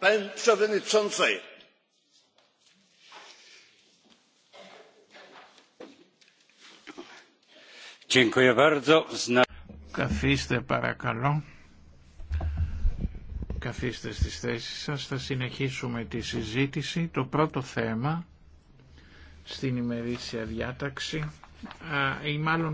pani Καθίστε παρακαλώ. Καθίστε στις θέσεις σας. Θα συνεχίσουμε τη συζήτηση. Το πρώτο θέμα στην ημερήσια διάταξη ή μάλλον